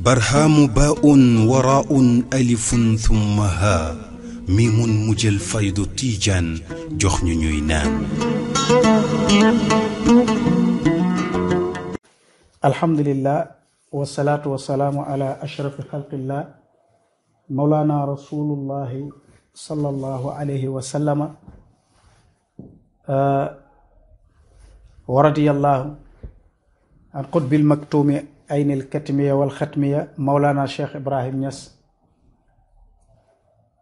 برهام باء وراء ألف ثم ها ميم مجل فيض تيجان جخن نينان الحمد لله والصلاة والسلام على أشرف خلق الله مولانا رسول الله صلى الله عليه وسلم آه، ورضي الله عن قطب المكتوم أين الكتمية والختمية مولانا شيخ إبراهيم نس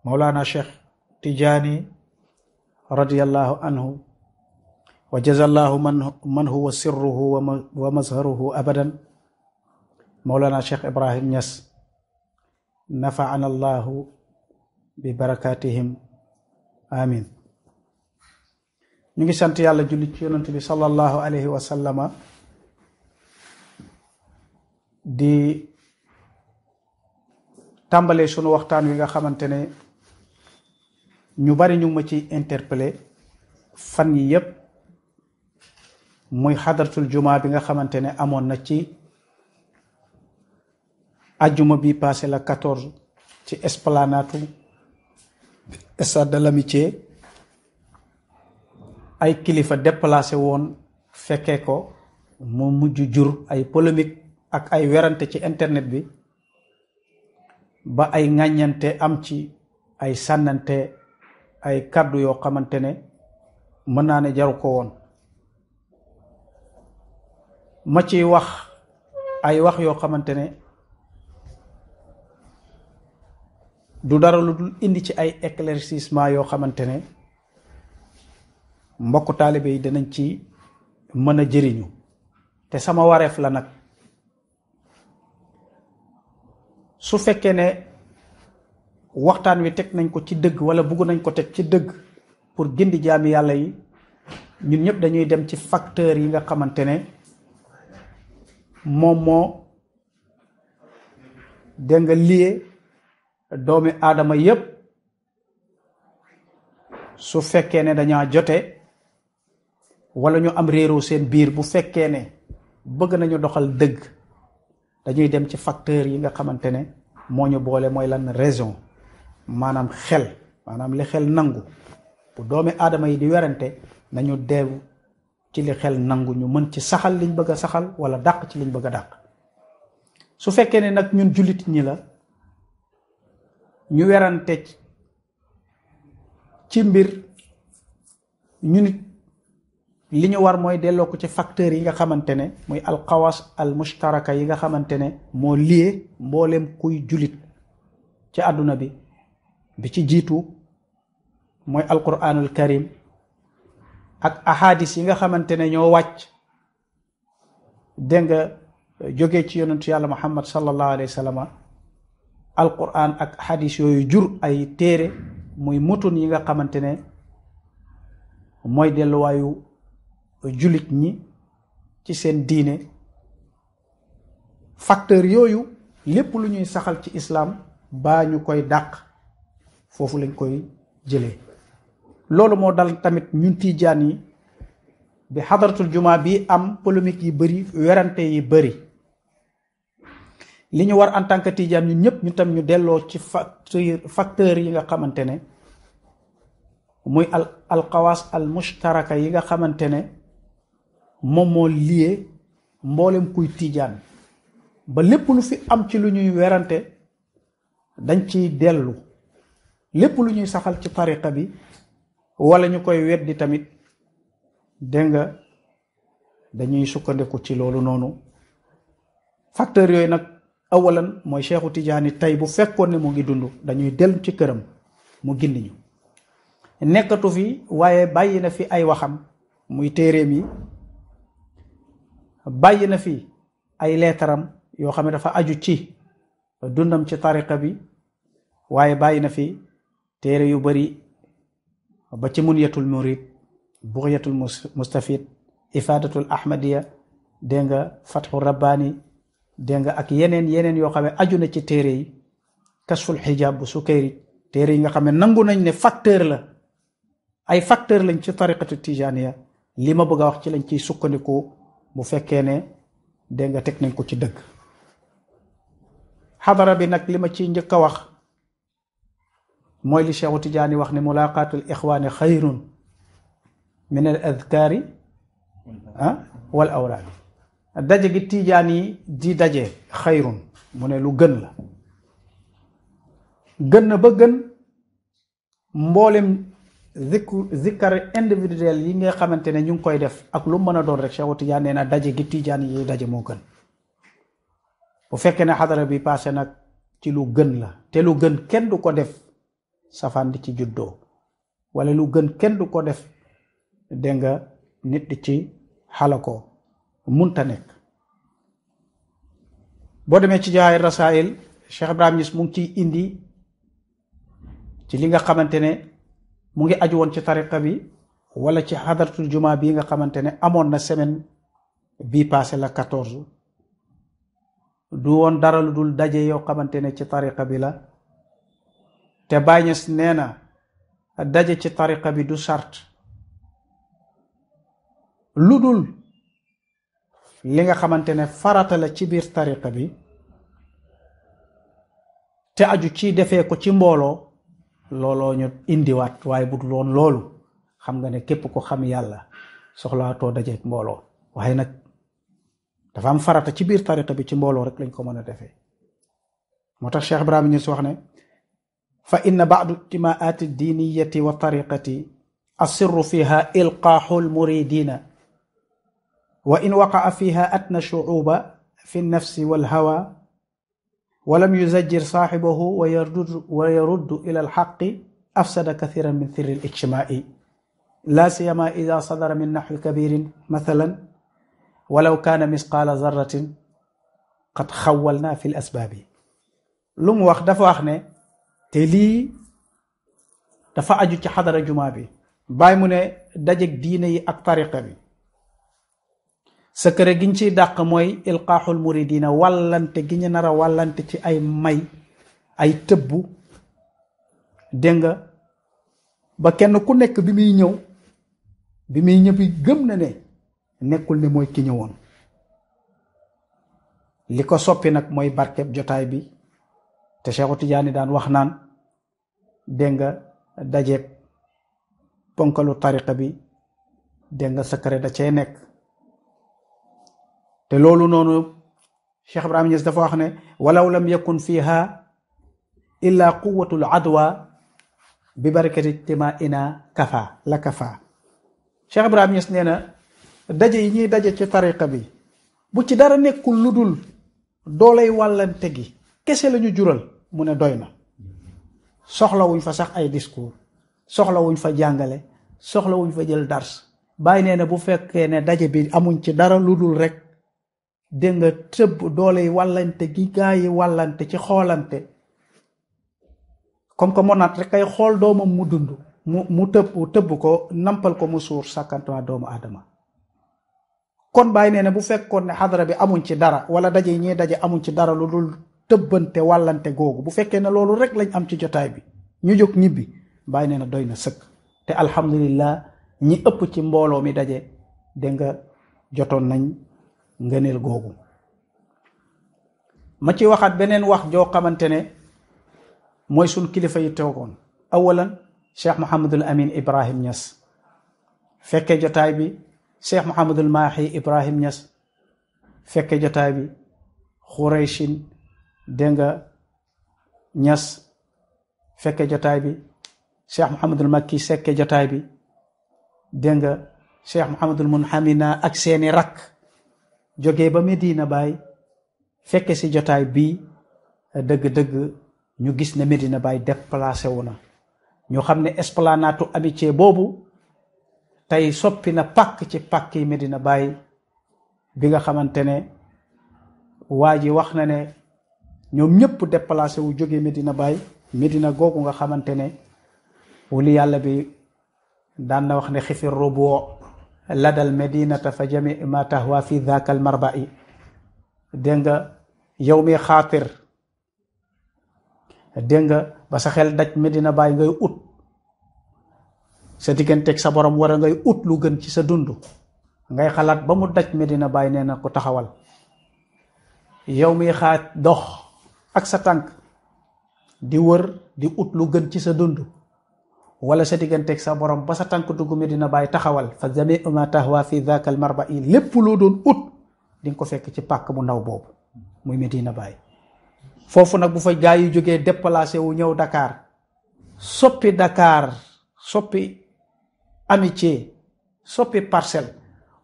مولانا شيخ تجاني رضي الله عنه وجزى الله من من هو سره ومظهره أبدا مولانا شيخ إبراهيم نس نفعنا الله ببركاتهم آمين ñu سانتي sant جولي julli ci yonent bi sallallahu alayhi wa sallama di tàmbalee sunu waxtaan wi nga ñu bari ñu ma ci interpellé fan yi yépp muy xadaratul juma bi nga xamante ne amoon na ci ajuma bi passé la 14 ci esplanade stade de l'amitié ay kilifa déplacé woon fekkee ko mu mujj jur ay polémique ak ay werante ci internet bi ba ay ŋàññante am ci ay sànnante ay kàddu yoo xamante ne mën naa ne jaru ko woon ma ci wax ay wax yoo xamante ne du dara lu dul indi ci ay éclaircissement yoo xamante ne mbokk taalibe yi danañ ci mën a jëriñu te sama wareef la nag su fekkee ne waxtaan wi teg nañ ko ci dëgg wala bugg nañ ko teg ci dëgg pour gindi jaami yàlla yi ñun ñëpp dañuy dem ci facteur yi nga xamante ne moom moo dégg nga lié doomi aadama yépp su fekkee ne dañaa jote wala ñu am réeroo seen biir bu fekkee ne bëgg nañu doxal dëgg dañuy dem ci facteur yi nga xamante ne moo ñu boole mooy lan raison maanaam xel maanaam li xel nangu bu doomi aadama yi di werante nañu deew ci li xel nangu ñu mën ci saxal liñ bëgg a saxal wala dàq ci liñ bëgg a dàq su fekkee ne nag ñun jullit ñi la ñu werante ci mbir ñu nit li ñu war mooy delloo ko ci facteurs yi nga xamante ne muy alxawas al mushtaraka yi nga xamante ne moo lié mboolem kuy julit ci àdduna bi bi ci jiitu mooy alquranul karim ak ahadis yi nga xamante ne ñoo wàcc dégg nga jógee ci yonentu yàlla muhammad sallallahu alayhi wa sallam alquran ak ahadis yooyu jur ay téere muy mutun yi nga xamante ne mooy delluwaayu jullit ñi ci seen diine facteur yooyu lépp lu ñuy saxal ci islaam baa ñu koy dàq foofu lañ koy jëlee loolu moo dal tamit ñun tiijaan yi bi xadaratul jumaa bi am polémique yi bëri werante yi bëri li ñu war en tant que tiijaan ñun ñëpp ñu tam ñu delloo ci facteur facteur yi nga xamante ne muy al alxawaas al mushtaraka yi nga xamante ne moom moo lié mboolem kuy tiijaan ba lépp lu fi am ci lu ñuy werante dañ ciy dellu lépp lu ñuy saxal ci tariqa bi wala ñu koy weddi tamit dégg nga dañuy sukkandiku ci loolu noonu facteur yooyu nag awalan mooy Seexu Tijaani tey bu fekkoon ne mu ngi dund dañuy dell ci këram mu gindi ñu nekkatu fi waaye bàyyi na fi ay waxam muy téeréem yi bàyyi na fi ay leetaram yoo xam ne dafa aju ci dundam ci tariqa bi waaye bàyyi na fi téere yu bari ba ci munyatul murid buxyatul mustafid ifaadatul ahmadiya dégg nga fatxu rabbaani nga ak yeneen yeneen yoo xam ne aju na ci téere yi kasful xijaab bu sukayri téere yi nga xam ne nangu nañ ne facteur la ay facteur lañ ci tariqatu tijaniya li ma bëgg wax ci lañ ciy sukkandiku bu fekkee ne dégg nga teg nañ ko ci dëgg xadara bi nag li ma ci njëkk a wax mooy li Cheikhu tidiane wax ne mulaqaatul ixwaani xayrun min al adkaari ah wal awrad daje gi tidiane yi di daje xayrun mu ne lu gën la gën na ba gën mboolem zikku zikkar individuel yi nga xamante ne ñu ngi koy def ak lu mën a doon rek Cheikhu Tijaan nee na daje gi Tijaan yi daje moo gën bu fekkee ne xadara bi passé nag ci lu gën la te lu gën kenn du ko def safaan di ci juddoo walla lu gën kenn du ko def dégg nga nit di ci xalakoo munta nekk boo demee ci jaay rasail Cheikh Ibrahim Niass mu ngi ciy indi ci li nga xamante ne mu ngi aju woon ci tariqa bi wala ci xadaratul juma bii nga xamante ne amoon na semaine bi passé la quatorze du woon dara lu dul daje yoo xamante ne ci tariqa bi la te bàñes nee na daje ci tariqa bi du sart lu dul li nga xamante ne farata la ci biir tariqa bi te aju ci defee ko ci mbooloo looloo ñu indiwaat waaye bu dul woon loolu xam nga ne képp ko xam yàlla soxlaatoo dajeeg mbooloo waaye nag dafa am farata ci biir tariqa bi ci mbooloo rek lañ ko mën a defee moo tax Cheikh Ibrahima Niass wax ne fa inna baadu ijtimaati diiniyati wa tariqati asirru fiha ilqaaxu lmuridina wa in waqaa fiha atna shucuuba fi nnafsi walhawa ولم يزجر صاحبه ويرد, ويرد إلى الحق أفسد كثيرا من سر الاجتماع لا سيما إذا صدر من نحو كبير مثلا ولو كان مثقال ذرة قد خولنا في الأسباب لم واخ wax اخني wax ne te lii dafa aju ci xadara jumaa bi bàyyi mu ne dajeg diine yi secret gi ñu ciy dàq mooy ilqaaxul diina wàllante gi ñu nar a wàllante ci ay may ay tëbbu dégg nga ba kenn ku nekk bi muy ñëw bi muy ñëw gëm na ne nekkul ne mooy ki ñëwoon li ko soppi nag mooy barkeb jotaay bi te Seexu Tijaani daan wax naan dégg nga dajeeb ponkalu tariqa bi dégg nga secret da cee nekk te loolu noonu cheikh ibrahim ñes dafa wax ne walaw lam yakun fiha illa quwatu ladwa bi barakati ijtimaina kafa la kafa cheikh ibrahim ñes neena dajje daje yi ñi daje ci tariqa bi bu ci dara nekkul ludul dul doolay wàllante gi kesse lañu jural mu ne doyna soxla wuñ fa sax ay discours wuñ fa soxla wuñ fa jël dars bayne nee bu fekkee ne daje bi amuñ ci dara rek dégg nga tëbb doole yi wàllante gi gaa yi wàllante ci xoolante comme que monaat rek kay xool doomam mu dund mu mu tëb tëbb ko nampal ko mu suur sàkkantumaa doomu aadama kon bàyyi nee na bu fekkoon ne xadara bi amuñ ci dara wala daje yi ñuy daje amuñ ci dara lu dul tëbbante wàllante googu bu fekkee ne loolu rek lañ am ci jotaay bi ñu jóg ñibbi bàyyi nee na doy na sëkk te alhamdulillah ñi ëpp ci mbooloo mi daje dégg nga jotoon nañ ngëneel googu ma ci waxaat beneen wax joo xamante ne mooy suñ kilifa yi toogoon awalan cheikh Mouhamadul Amin Ibrahim ñas fekkee jotaay bi sheikh Mouhamadul Mahi Ibrahim ñas fekkee jotaay bi Khourayshin Denga ñas fekkee jotaay bi cheikh Mouhamadul Makki fekkee jotaay bi Denga cheikh Mouhamadul Munhamina ak seeni rakk. jóge ba Medina Baye fekke ci jotaay bi dëgg-dëgg ñu gis ne Medina Baye déplacé wu na ñu xam ne esplanadu amitié boobu tey soppi na pàkk ci pàkk yi Medina Baye bi nga xamante ne waa ji wax na ne ñoom ñëpp déplacé wu jógee Medina Baye Medina googu nga xamante ne wuli yàlla bi daan na wax ne xifir roboo ladal Medina ta fajami ma tahwa fi dhaka marba'i Denga nga yow denga ba sa xel daj medina bàyyi ngay ut sa digganteeg sa borom war ngay ut lu gën ci sa dund ngay xalaat ba mu daj medina bàyyi nee na ko taxawal yow mi dox ak sa tànk di wër di ut lu gën ci sa wala sa teks sa borom ba sa tànk dugg medina bay taxawal fa jami'u ma tahwa fi dhaka al marba'i lepp lo doon ut ding ko fekk ci pak mu ndaw bob muy medina bay fofu nak bu fa gaa yu joge déplacer wu ñew dakar soppi dakar soppi amitié soppi parcel.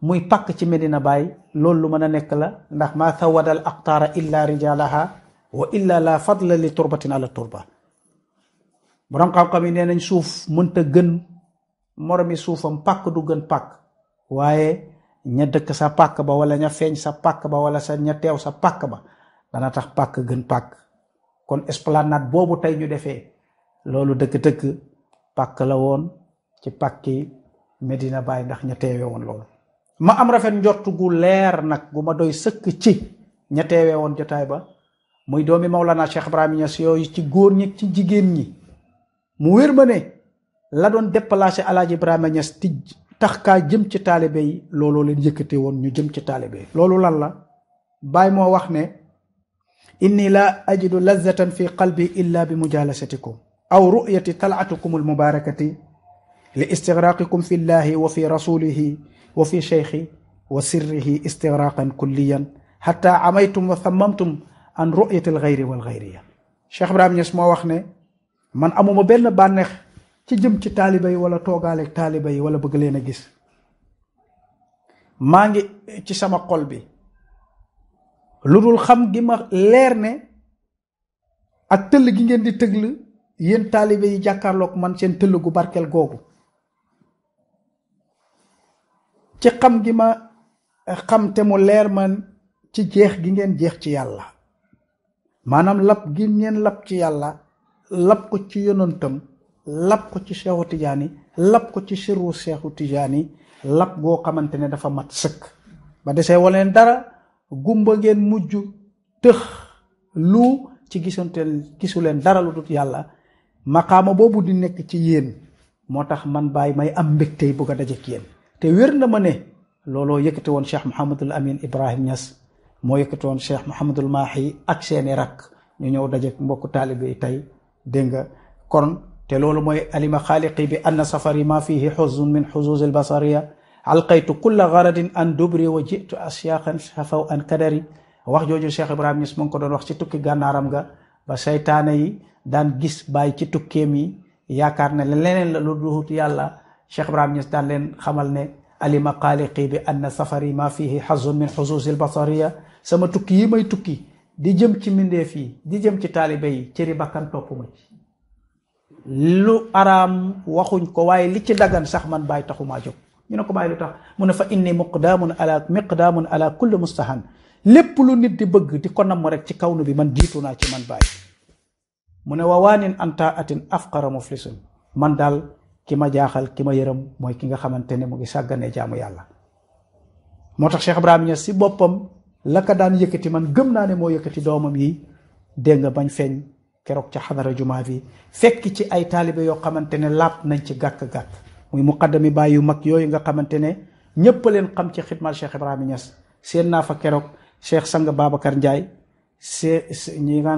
muy pak ci medina bay lolou lu mën a la ndax ma thawadal aqtar illa rijalaha wa illa la fadla li turbatin ala turba borom xam-xam yi nee nañ suuf mënta gën moromi suufam pàkk du gën pàkk waaye ña dëkk sa pàkk ba wala ña feeñ sa pàkk ba wala sa ña teew sa pàkk ba dana tax pàkk gën pàkk kon esplanade boobu tey ñu defee loolu dëkk-dëkk pàkk la woon ci pàkki medina bay ndax ña teewee woon loolu ma am rafet njort gu leer nag gu ma doy sëkk ci ña teewee woon jotaay ba muy doomi mawlana cheikh ibrahima ñas yooyu ci góor ñi ci jigéen ñi mu wér ba ne la doon déplacé alaaj ibrahima ñas tij tax kaa jëm ci taalibe yi looloo leen yëkkate woon ñu jëm ci taalibe yi loolu lan la baay moo wax ne inni la ajidu lazatan fi qalbi illa bi mujalasatikum aw ru'yati tal'atikum almubarakati li istighraqikum fi llahi wa fi rasulihi wa fi shaykhi wa sirrihi istighraqan kulliyan hatta amaytum wa thammamtum an ru'yati alghayri walghayriya cheikh ibrahim ñas moo wax ne man amuma benn bànneex ci jëm ci taaliba yi wala toogaaleeg taaliba yi wala bëgg leen a gis maa ngi ci sama xol bi lu dul xam gi ma leer ne ak tëll gi ngeen di tëgl yéen taalibe yi jàkkaarlook man seen tëll gu barkeel googu ci xam gi ma xam te mu leer ma ci jeex gi ngeen jeex ci yàlla maanaam lab gi ngeen lab ci yàlla lapp ko ci yonantam lapp ko ci seexu tijaani lapp ko ci sirru seexu tijaani lab goo xamante ne dafa mat sëkk ba desee leen dara gumba ngeen mujj tëx lu ci gisanteel gisu leen dara lu dut yàlla maqaama boobu di nekk ci yéen moo tax man bàyyi may am mbégtey bëgg a dajeek yéen te wér na ma ne looloo yëkkati woon cheikh Mouhamadul Amin Ibrahim ñas moo yëkkati woon cheikh Mouhamadul Mahi ak seeni rakk ñu ñëw dajeek mbokku taalibe yi tey dégg nga kon te loolu mooy alima xaaliqi bi anna safari ma fihi xuzun min xuzuzi albasariya alqaytu kulla garadin an dubri wa jitu asyaaqan safaw an kadari wax jooju cheikh ibrahim ñis mu ngi ko doon wax ci tukki gànnaaram ga ba seytaane yi daan gis bàyyi ci tukkeem yi yaakaar ne leneen la lu duhut yàlla cheikh ibrahim ñis daan leen xamal ne alima xaaliqi bi anna safari ma fihi xazun min xuzuzi albasariya sama tukki yi may tukki di jëm ci mbindeef fii di jëm ci taalibe yi cëri bakkan topp ma ci lu araam waxuñ ko waaye li ci dagan sax man bàyyi taxumaa jóg ñu ne ko bàyyi lu tax mu ne fa inni muqdaamun daa miqdaamun ala kulli mustahan lépp lu nit di bëgg di ko ma rek ci kaw kawnu bi man jiitu naa ci man bàyyi mu ne wawaanin anta atin afqara muflisun man daal ki ma jaaxal ki ma yërëm mooy ki nga xamante ne mu ngi sàgganee jaamu yàlla moo tax Cheikh Ibrahima Niass si lakka ka daan yëkkati man gëm naa ne moo yëkkati doomam yi dégg nga bañ feeñ keroog ca xadara jumaa bi fekk ci ay taalibe yoo xamante ne laab nañ ci gàkk-gàkk muy muqaddami baay yu mag yooyu nga xamante ne ñëpp leen xam ci xidmal Cheikh Ibrahima Niass seen naa fa keroog Cheikh Sang Babacar Ndiaye see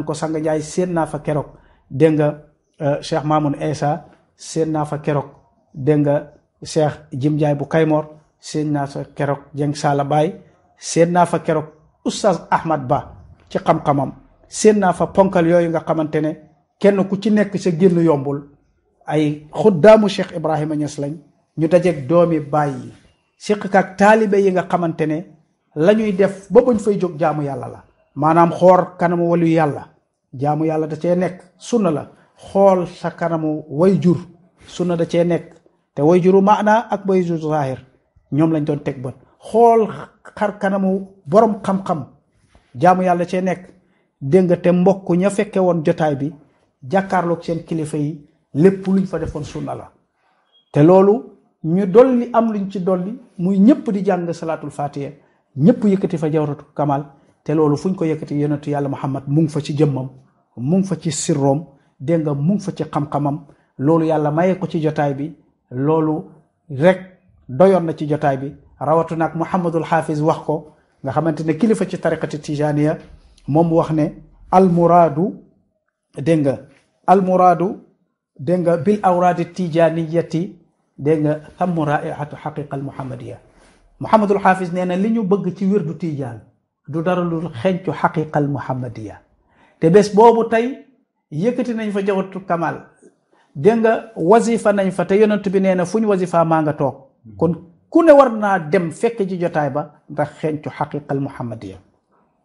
ko Sang Ndiaye seen naa fa keroog dégg nga euh, Cheikh Mamoun Essa seen naa fa keroog dégg nga Cheikh Jim Ndiaye bu kaymoor seen naa fa keroog Jeng Sala Baay seen naa fa keroog sa Ahmad Ba ci xam-xamam seen naa fa ponkal yooyu nga xamante ne kenn ku ci nekk sa génn yombul ay xut daamu Cheikh Ibrahima Niass lañ ñu dajeeg doomi baay yi siq taalibe yi nga xamante ne la ñuy def ba bañ fay jóg jaamu yàlla la maanaam xoor kanamu walu yàlla jaamu yàlla da cee nekk sunna la xool sa kanamu way jur sunna da cee nekk te way juru maanaa ak way jur zahir ñoom lañ doon teg bët xool xar kanamu boroom xam-xam jaamu yàlla cee nekk dégg nga te mbokk ña fekkee woon jotaay bi jàkkaarlook seen kilifa yi lépp luñ fa defoon sunna la te loolu ñu dolli am luñ ci dolli muy ñëpp di jàng salaatul fatiha ñëpp yëkkati fa jawratu kamal te loolu fuñ ko yëkkati yonentu yàlla muhammad mu ngi fa ci jëmmam mu fa ci sirroom dégg nga mu fa ci xam-xamam loolu yàlla mayee ko ci jotaay bi loolu rek doyoon na ci jotaay bi rawatuna ak Mouhamadul Xaafis wax ko nga xamante ne kilifa ci tariqati tijaniya moom wax ne almuraadu dégg nga almuraadu dégg nga bil awraadi tijaniyati dégg nga thamm raihatu xaqiqa al muhammadiya Mouhamadul Xaafis nee na li ñu bëgg ci wirdu tijaan du dara lu xencu xaqiqa muhammadiya te bés boobu tey yëkkati nañ fa jawatu kamal dégg nga wazifa nañ fa te yonent bi nee na fu ñu wazifa maa nga toog ku ne war naa dem fekk ci jotaay ba ndax xencu xaqiqal muhammadiya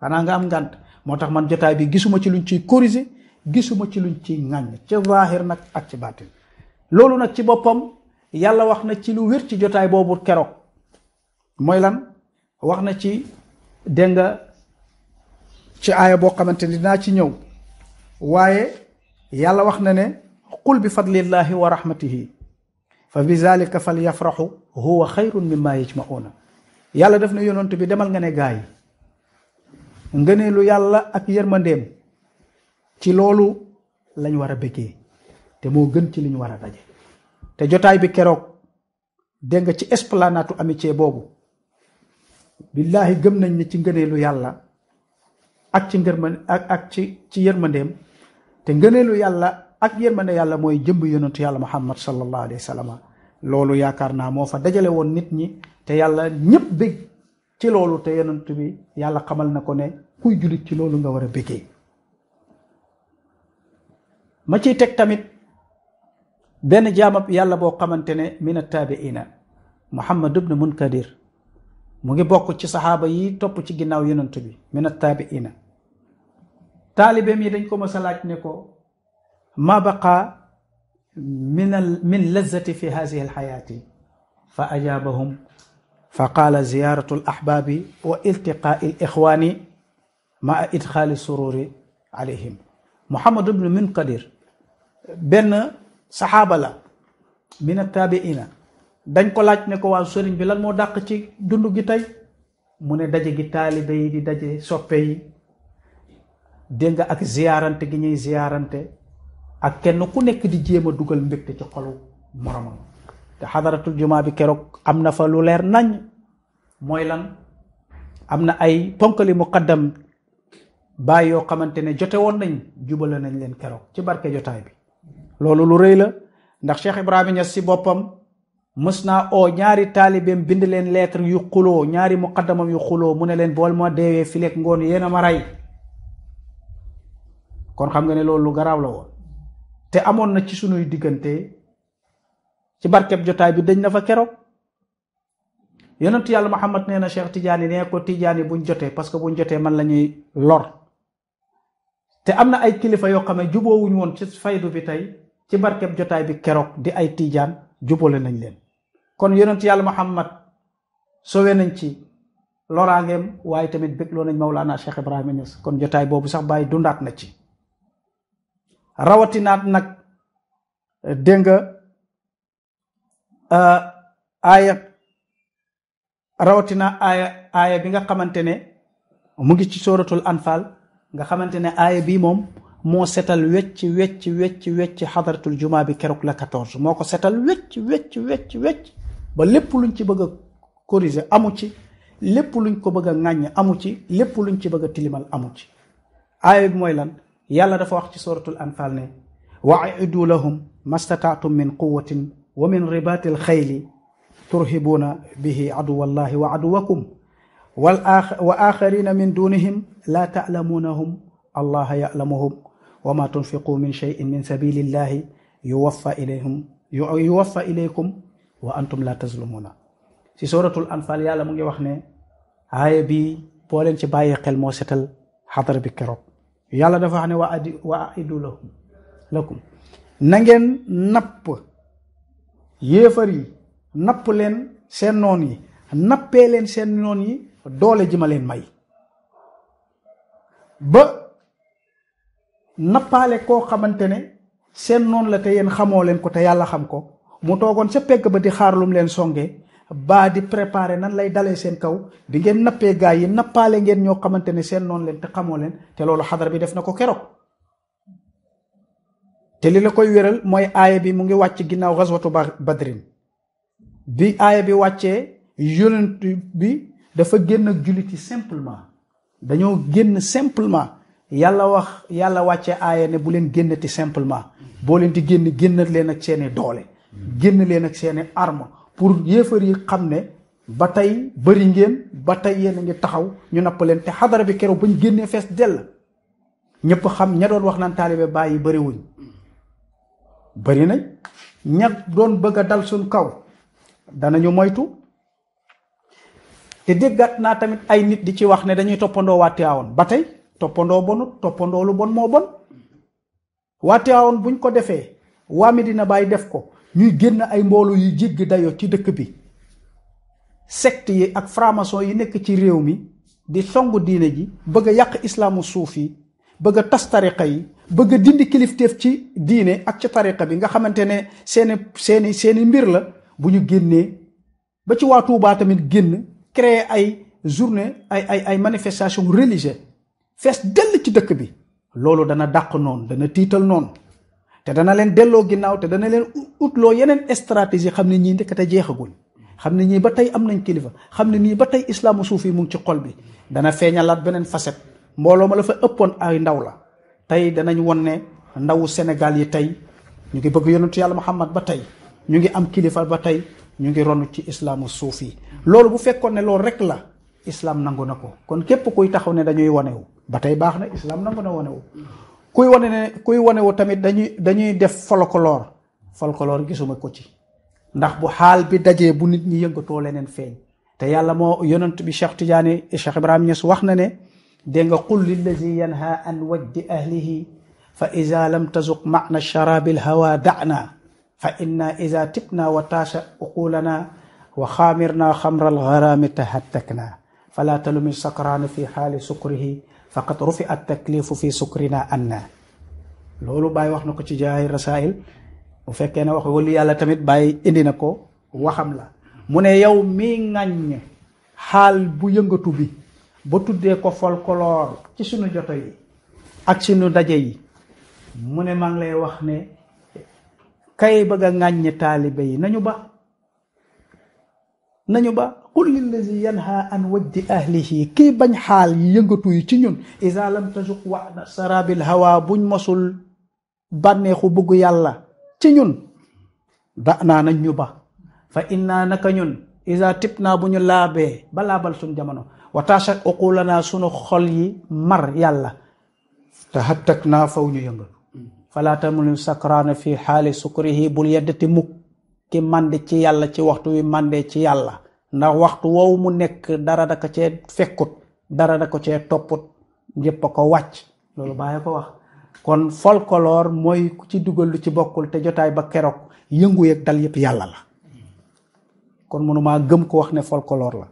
xanaa nga am ngànt moo tax man jotaay bi gisuma ci luñ ciy corriger gisuma ci luñ ciy ŋàññ ci zaahir nag ak ci baatin loolu nag ci boppam yàlla wax na ci lu wér ci jotaay boobu keroog mooy lan wax na ci dégg nga ci aaya boo xamante ni dinaa ci ñëw waaye yàlla wax na ne qul bi fadlillahi wa rahmatihi fa bi zalika fal yafraxu huwa xayrun mimma yajmauna yàlla def na yonent bi demal nga ne gaa yi yàlla ak yërmandeem ci loolu lañ war a bëggee te moo gën ci liñ war a daje te jotaay bi keroog dégg nga ci esplanade amitié boobu billaahi gëm nañ ni ci ngëneelu yàlla ak ci ngërma ak ci yërmandeem te ngëneelu yàlla ak yërmande yàlla mooy jëmb yonentu yàlla muhammad sallallahu alayhi wa sallam loolu yaakaar naa moo fa dajale woon nit ñi te yàlla ñëpp bég ci loolu te yonent bi yàlla xamal na ko ne kuy jullit ci loolu nga war a béggee ma ciy teg tamit benn jaamab yàlla boo xamante ne mina taabiina muhammad ibn munkadir mu ngi bokk ci saxaaba yi topp ci ginnaaw yonent bi mina taabiina taalibeem yi dañ ko mas a ne ko ما بقى من من لذة في هذه الحياة فأجابهم فقال زيارة الأحباب والتقاء الإخوان مع إدخال السرور عليهم محمد بن منقدر بن صحابة لا من التابعين dañ ko laaj ne ko waa sëriñ bi lan moo dàq ci dund gi tey mu ne daje gi ak kenn ku nekk di jéem a dugal mbégte ci xolu moromam te xadaratul jumaa bi keroog am na fa lu leer nañ mooy lan am na ay ponkali muqaddam bàyyi yoo xamante ne jote woon nañ jubale nañ leen keroog ci barke jotaay bi loolu lu rëy la ndax Cheikh Ibrahima Niass si boppam mës naa o ñaari taalibeem bind leen lettre yu xuloo ñaari muqaddamam yu xuloo mu ne leen bool ma deewee fileeg ngoon yéen a ma kon xam nga ne loolu lu garaaw la woon te amoon na ci suñuy diggante ci barkeb jotaay bi dañ na fa keroog yonent yàlla Muhammad nee na Cheikh yi nee ko yi buñ jotee parce que buñ jotee man la ñuy lor te am na ay kilifa yoo xam ne juboowuñ woon ci faydu bi tey ci barkeb jotaay bi keroog di ay Tidiane jubale nañ leen kon yonent yàlla Muhammad sowe nañ ci loraangeem waaye tamit bégloo nañ Mawlaana Cheikh a Niass kon jotaay boobu sax bàyyi dundaat na ci. rawatinaat nag eh, dégg nga eh, aaya rawatina aaya aaya bi nga xamante ne mu ngi ci sooratul anfal nga xamante ne aaya bii moom moo setal wecc wecc wecc wecc xadaratul jumaa bi keroog la 14 moo ko setal wecc wecc wecc wecc ba lépp luñ ci bëgg a corriger amu ci lépp luñ ko bëgg a ŋàññ amu ci lépp luñ ci bëgg a tilimal amu ci aaya bi mooy lan يالا دا فوخ سورة الأنفال نه وعدوا لهم ما استطعتم من قوة ومن رباط الخيل ترهبون به عدو الله وعدوكم وآخرين من دونهم لا تعلمونهم الله يعلمهم وما تنفقوا من شيء من سبيل الله يوفى إليهم يوفى إليكم وأنتم لا تظلمون في سورة الأنفال يالا مجي وخني هاي بي بولن تبايق الموسطل حضر بكرب yàlla dafa wax ne waa adi waa idu lahum lakum na ngeen napp yéefar yi napp leen seen noon yi nappee leen seen noon yi doole ji ma leen may ba nappaale koo xamante ne seen noon la te yéen xamoo leen ko te yàlla xam ko mu toogoon ca pegg ba di xaar lum leen songe baa di préparer nan lay dalee seen kaw di ngeen nappee gaa yi nappaale ngeen ñoo xamante ne seen noonu leen te xamoo leen te loolu xadar bi def na ko keroog te li la koy wéral mooy aaya bi mu ngi wàcc ginnaaw xaswatu badrin bi aaya bi wàccee yonent bi dafa génn ak jullit simplement dañoo génn simplement yàlla wax yàlla wàccee aaya ne bu leen génnati simplement boo leen di génn génn leen ak seeni doole génn leen ak seeni arme pour yéefar yi xam ne ba tey bëri ngeen ba tey yéen ngi taxaw ñu napp leen te xadara bi keroog ñu génnee fees dell ñëpp xam ña doon wax naan taalibe bàyyi bëri bëri nañ ña doon bëgg a dal suñ kaw danañu moytu te déggaat naa tamit ay nit di ci wax ne dañuy toppandoo waa ba tey toppandoo bonut toppandoo lu bon moo bon waa buñ ko defee waa dina bàyyi def ko ñuy génn ay mbooloo yu jégg dayo ci dëkk bi secte yi ak franc yi nekk ci réew mi di song diine ji bëgg yàq islaamu suuf yi bëgg a tas tariqa yi bëgg a dindi kilifteef ci diine ak ci tariqa bi nga xamante ne seeni seeni seeni mbir la bu ñu génnee ba ci waa Tuubaa tamit génn créer ay journée ay ay ay manifestation religieuse fees dell ci dëkk bi loolu dana dàq noonu dana tiital noonu te dana leen delloo ginnaaw te dana leen utloo yeneen stratégie xam ne ñii ndekete jeexaguñ xam ne ñii ba tey am nañ kilifa xam ne nii ba tey islaamu suuf yi mu ngi ci xol bi dana feeñalaat beneen facette mbooloo ma la fa ëppoon ay ndaw la tey danañ won ne ndawu Sénégal yi tey ñu ngi bëgg yonentu yàlla Muhammad ba tey ñu ngi am kilifa ba tey ñu ngi ronu ci islaamu suuf yi loolu bu fekkoon ne loolu rek la islaam nangu na ko kon képp kuy taxaw ne dañuy wanewu ba tey baax na islam nangu na wanewu kuy wane ne kuy wane wu tamit dañuy dañuy def folklore folklore gisuma ko ci ndax bu xaal bi dajee bu nit ñi yëngatoo leneen feeñ te yàlla moo yonent bi cheikh tidiane cheikh ibrahim ñes wax na ne dégg nga qul lillazi yanha an wajdi ahlihi fa ida lam tazuq macna sharabi alhawa da'na fa inna ida tibna wa taasa uqulana wa xaamirna xamra algharami tahattakna fala talumi sakrana fi xaali sukrihi faqat rufi at taklif fi sukrina anna lolu bayi wax nako ci jaahir rasail bu fekke na wax wali yalla tamit bay indi nako waxam la mune yow mi ngagn hal bu yëngatu bi ba ko folklore ci sunu joto yi ak sunu daje yi mune mang lay wax ne kay bëgg ngagn ŋàññ yi nañu ba nañu ba qul lillazi yanha an wajdi ahlihi kii bañ xaal yëngatu yi ci ñun isa lam tazuq wa sarabil hawa buñ mosul bànneexu bëgg yàlla ci ñun da naa nañ ñu ba fa inna naka ñun isa tib naa bu ñu laabee ba laabal suñ jamono wa tashat uqulana sunu xol yi mar yàlla te hattak naa faw ñu yëngatu falaa tamulu sakraana fi xaali sukrihi bul yeddati mukk ki màndi ci yàlla ci waxtu wi màndee ci yàlla ndax waxtu wow mu nekk dara da ko cee fekkut dara da ko cee topput yépp ko wàcc loolu ko wax kon folklore mooy ku ci dugal lu ci bokkul te jotaay ba keroog yëngu yeeg dal yépp yàlla la kon mënuma gëm ko wax ne folklore la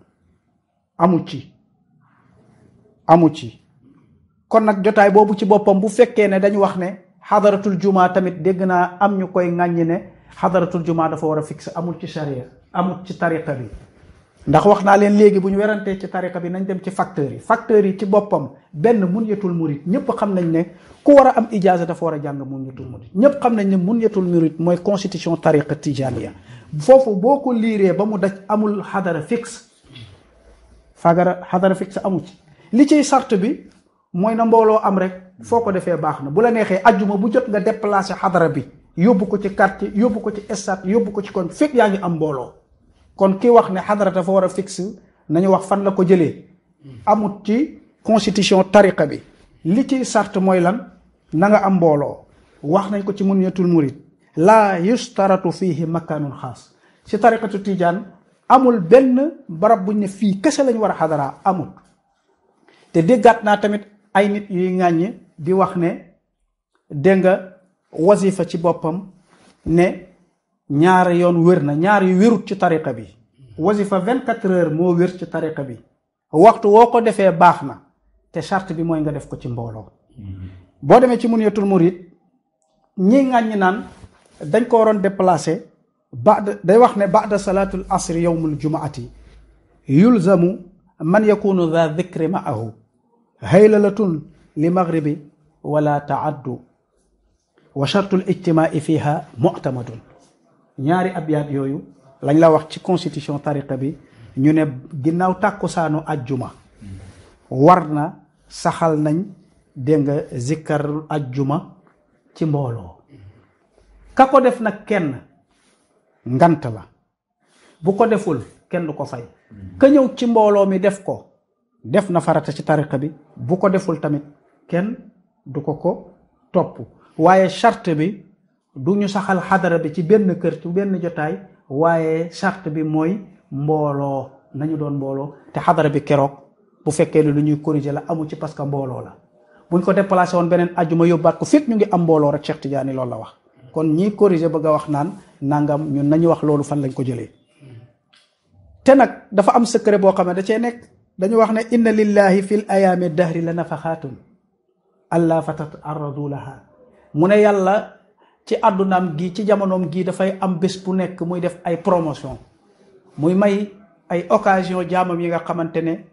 amu ci amu ci kon nag jotaay boobu ci boppam bu fekkee ne dañu wax ne xadaratul juma tamit dégg naa am ñu koy ŋàññi ne xadaratul juma dafa war a fixe amul ci sharia amul ci tariqa bi ndax wax naa leen léegi bu ñu werantee ci tariqa bi nañ dem ci facteur yi facteurs yi ci boppam benn mun yetul murit ñëpp xam nañ ne ku war a am ijaasa dafa war a jàng mun yetul murit ñëpp xam nañ ne mun yetul murit mooy constitution tariqa ya foofu boo ko liiree ba mu daj amul xadara fixe fagara xadara fixe amu ci li ciy sart bi mooy na mbooloo am rek foo ko defee baax na bu la neexee ajjuma bu jot nga déplacé xadara bi yóbbu ko ci quartier yóbbu ko ci stade yóbbu ko ci kon fekk yaa ngi am mbooloo kon ki wax ne xadara dafa war a fixe nañu wax fan la ko jëlee amut ci constitution tariqa bi li ci sart mooy lan na nga am mbooloo wax nañ ko ci munyatul murid laa yustaratu fiihi makaanun xaas ci tariqatu tijaan amul benn barab buñ ne fii kese lañ war a xadaraa amul te déggaat naa tamit ay nit yuy ŋàññi di wax ne dégg nga wasifa ci boppam ne ñaari yoon wér na ñaar yu wérut ci tariqa bi mm-hmm. wasifa vingt quatre heures moo wér ci tariqa bi waxtu woo ko defee baax na te charte bi mooy nga def ko ci mbooloo mm-hmm. boo demee ci Munyatul Murid ñi ngàññi naan dañ ko waroon déplacé ba'da day wax ne ba'da salaatul asri yowmul jumaati yulzamu man yakunu dha dhikri la haylalatun li maghribi wala taaddu wa chartul ijtimaai fiha mu'tamadun ñaari abyaat yooyu lañ la wax ci constitution tariqa bi ñu ne ginnaaw tàkkusaanu ajjuma war na saxal nañ dégg nga zikkar ajjuma ci mbooloo ka ko def nag kenn ngant la bu ko deful kenn du ko fay ka ñëw ci mbooloo mi def ko def na farata ci tariqa bi bu ko deful tamit kenn du ko ko topp waaye charte bi du ñu saxal hadara bi ci benn kër ci benn jotaay waaye chart bi mooy mbooloo nañu doon mbooloo te hadara bi keroog bu fekkee ne lu ñuy corriger la amu ci parce que mbooloo la buñ ko déplacé woon beneen ajuma yóbbaat ko fépp ñu ngi am mbooloo rek Cheikh Tidiane loolu la wax kon ñi corriger bëgg a wax naan nangam ñun nañu wax loolu fan lañ ko jëlee te nag dafa am secret boo xam ne da cee nekk dañu wax ne inna lillahi fil ayami dahri la nafaxaatun alla fatat arradu laha mu ne ci àddunaam gi ci jamonoom gi dafay am bés bu nekk muy def ay promotion muy may ay occasion jaamam yi nga xamante ne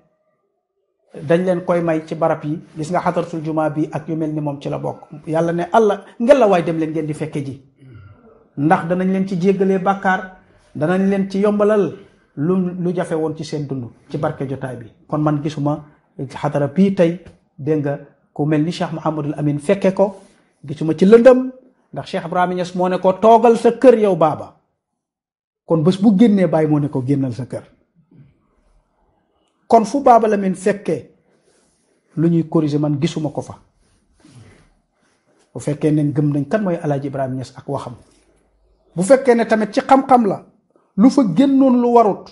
dañ leen koy may ci barab yi gis nga xatartul juma bi ak yu mel ni moom ci la bokk yàlla ne allah ngel la waay dem leen ngeen di fekke ji ndax danañ leen ci jéggalee bàkkaar danañ leen ci yombalal lu lu jafe woon ci seen dund ci barke jotaay bi kon man gisuma xatara bii tey dégg nga ku mel ni Cheikh Mouhamadul Amin fekke ko gisuma ndax Cheikh Ibrahima Niass moo ne ko toogal sa kër yow baaba kon bés bu génnee bàyyi moo ne ko génnal sa kër kon fu baaba la min fekkee lu ñuy corriger man gisuma ko fa bu fekkee ne gëm nañ kan mooy alaaji Ibrahima Niass ak waxam bu fekkee ne tamit ci xam-xam la lu fa génnoon lu warut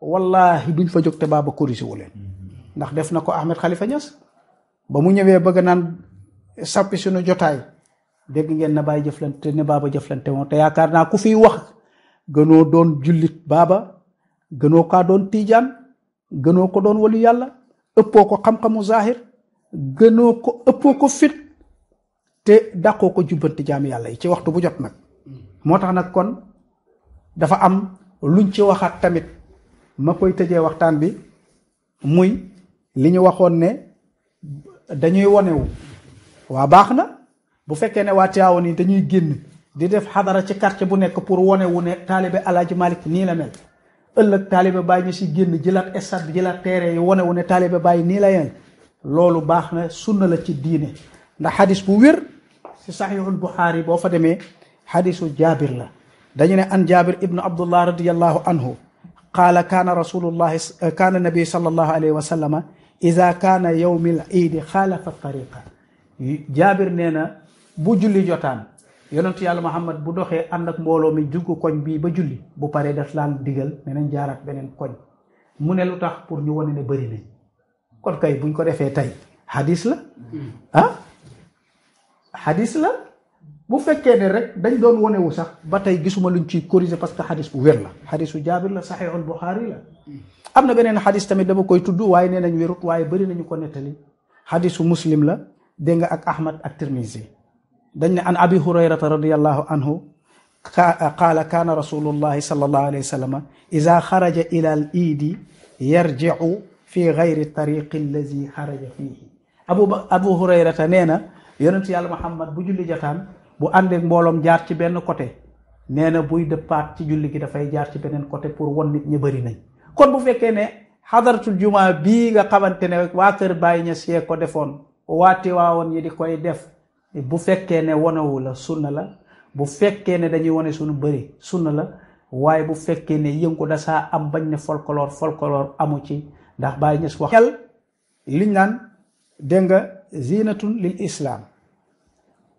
wallahi duñ fa jóg te baaba corriger wu leen ndax def na ko Ahmed Khalifa Niass ba mu ñëwee bëgg naan sàppi suñu jotaay dégg ngeen na bàyyi jëflante ne baaba jëflante moom te yaakaar naa ku fiy wax gënoo doon jullit baaba gënoo kaa doon tiijaan gënoo ko doon walu yàlla ëppoo ko xam-xamu zahir gënoo ko ëppoo ko fit te dàqoo ko jubbanti jaami yàlla yi ci waxtu bu jot nag moo tax nag kon dafa am luñ ci waxaat tamit ma koy tëjee waxtaan bi muy li ñu waxoon ne dañuy wonewu waa baax na bu fekkee ne waa Tiwaawan ni dañuy génn di def xadara ci quartier bu nekk pour wone wu ne taalibe alaaji malik nii la mel ëllëg taalibe bàyyi ñu si génn jëlaat estat bi jëlaat teere yi wone wu ne taalibe bàyyi nii la yel loolu baax na sunna la ci diine ndax xadis bu wér si saxiixul buxaari boo fa demee xadisu jaabir la dañu ne an jaabir ibnu abdullah radiallahu anhu قال كان رسول الله nabi sallallahu صلى الله عليه وسلم إذا كان يوم العيد خالف الطريقة جابر nee bu julli jotaan yonent yàlla muhammad bu doxee ànd ak mbooloo mi juggu koñ bi ba julli bu pare daf laan digal ne nañ jaaraat beneen koñ mu ne lu tax pour ñu wane ne bëri nañ kon kay buñ ko defee tey hadis la ah hadis la bu fekkee ne rek dañ doon wu sax ba tey gisuma luñ ciy corriger parce que hadis bu wér la hadisu jaabir la saxiixul buxaari la am na beneen hadis tamit dama koy tudd waaye nee nañ wérut waaye bëri ko nettali hadisu muslim la dégg ak ahmad ak dañ عن أبي هريرة رضي الله عنه قال كان رسول الله صلى الله عليه وسلم إذا خرج إلى الإيد يرجع في غير الطريق الذي خرج فيه أبو ب... أبو هريرة نينا يرنتي على محمد بو جتان بو اندك مبولم جارتي بين بن نينا بوي دبات سي جولي في جارتي بين جار بور ون نيت ني كون بو فكيه نه حضرة الجمعة بي nga xamantene wa kër baye ñe ko defon wati wawon yi di bu fekkee ne wonewu la sunna la bu fekkee ne dañuy wone suñu bëri sunna la waaye bu fekkee ne yëngu da saa am bañ ne folklore folklore amu ci ndax bàyyi ñës wax xel liñ naan dégg nga zinatun lil islaam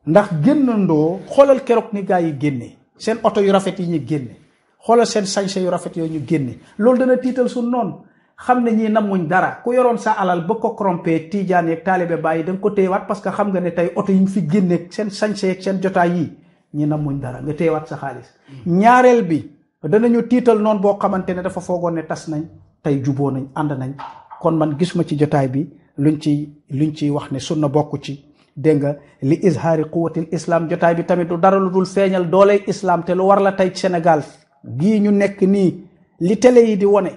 ndax génnandoo xoolal keroog ni gaa yi génne seen oto yu rafet yi ñu génne xoolal seen sañse yu rafet yooyu ñu génne loolu dana tiital suñ noon xam ne ñii namuñ dara ku yoroon sa alal ba ko corrompé tijaan yeeg taalibe bàyyi da ko téyewaat parce que xam nga ne tey oto yi mu fi génne seen sañseeg seen jotaay yi ñi dara nga téyewaat sa xaalis. Hmm. ñaareel bi danañu tiital noonu boo xamante ne dafa foogoon ne tas nañ tey juboo nañ ànd nañ kon man gis ci jotaay bi luñ ci luñ ciy wax ne sunna bokk ci. dégg nga li izhaari quwatil islam jotaay bi tamit du dara lu dul feeñal dooley islam te lu war la tey ñu nekk nii li tele yi di wone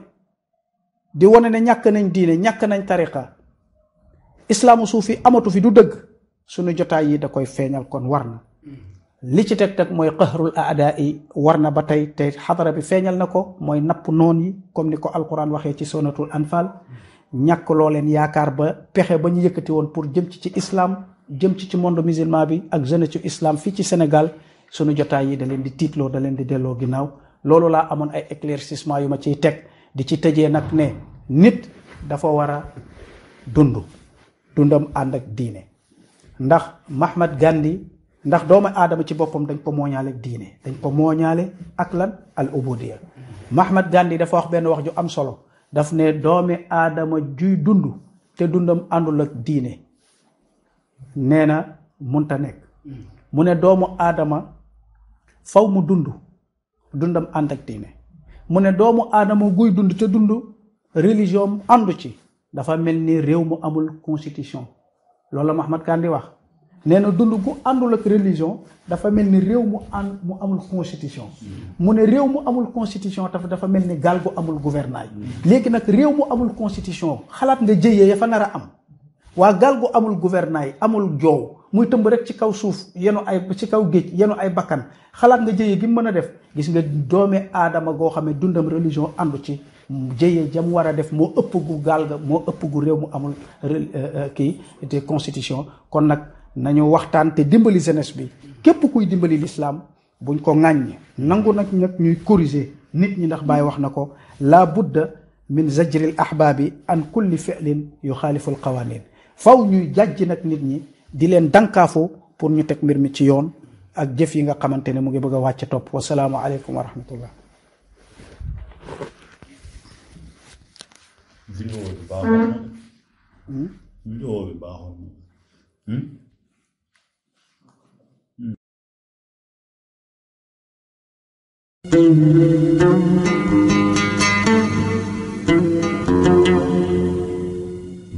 di wane ne ñàkk nañ diine ñàkk nañ tariqa islaamu suufi amatu fi du dëgg suñu jotaay yi da koy feeñal kon war na mm. li ci teg teg mooy qahrul aadaa yi war na ba tey te xadara bi feeñal na ko mooy napp noon yi comme ni ko alquran waxee ci sonatul anfal mm. ñàkk loo leen yaakaar ba pexe ba ñu yëkkati woon pour jëm ci ci islam jëm ci ci monde musulman bi ak jeune ci islam fii ci Sénégal sunu jotaay yi da leen di tiitloo da leen di delloo ginnaaw loolu laa amoon ay éclaircissement yu ma ciy teg di ci tëjee nag ne nit dafa war a dundam ànd ak diine ndax mahmad gandi ndax doomu aadama ci boppam dañ ko mooñaale diine dañ ko mooñaale ak lan al ubudiya mahmad gandi dafa wax benn wax ju am solo daf ne doomu aadama juy dund te dundam àndul ak diine nee na munta nekk mu ne doomu aadama faw mu dund dundam ànd ak diine mu ne doomu aadama guy dund ca dund religion àndu ci dafa mel ni réew mu amul constitution loolu la Mahmad Khan di wax nee na dund gu àndul ak religion dafa mel ni réew mu ànd mu amul constitution mu ne réew mu amul constitution dafa dafa mel ni gaal gu amul gouvernail léegi nag réew mu amul constitution xalaat nga jëyee ya fa nar a am waa gaal gu amul gouvernail amul joow muy tëmb rek ci kaw suuf yenu ay ci kaw géej yenu ay bakkan xalaat nga jëye gi mën a def gis nga doome aadama goo xam ne dundam religion àndu ci jëyee jam war a def moo ëpp gu gaal ga moo ëpp gu réew mu amul euh, euh, kii te constitution kon nag nañu waxtaan te dimbali jeunesse bi képp kuy dimbali l'islam buñ ko ŋàññ nangu nag nag ñuy corriger nit ñi ndax Baay wax na ko la budda min zajril ahbaabi an kulli fi'lin yu xaalifu alqawanin faw ñuy jàjj nag nit ñi di len dankafo pour ñu tek mbir mi ci yoon ak jëf yi nga xamantene mu ngi bëgg wacc top wa salaamu alaykum wa rahmatullah Thank hmm? hmm? you. Hmm?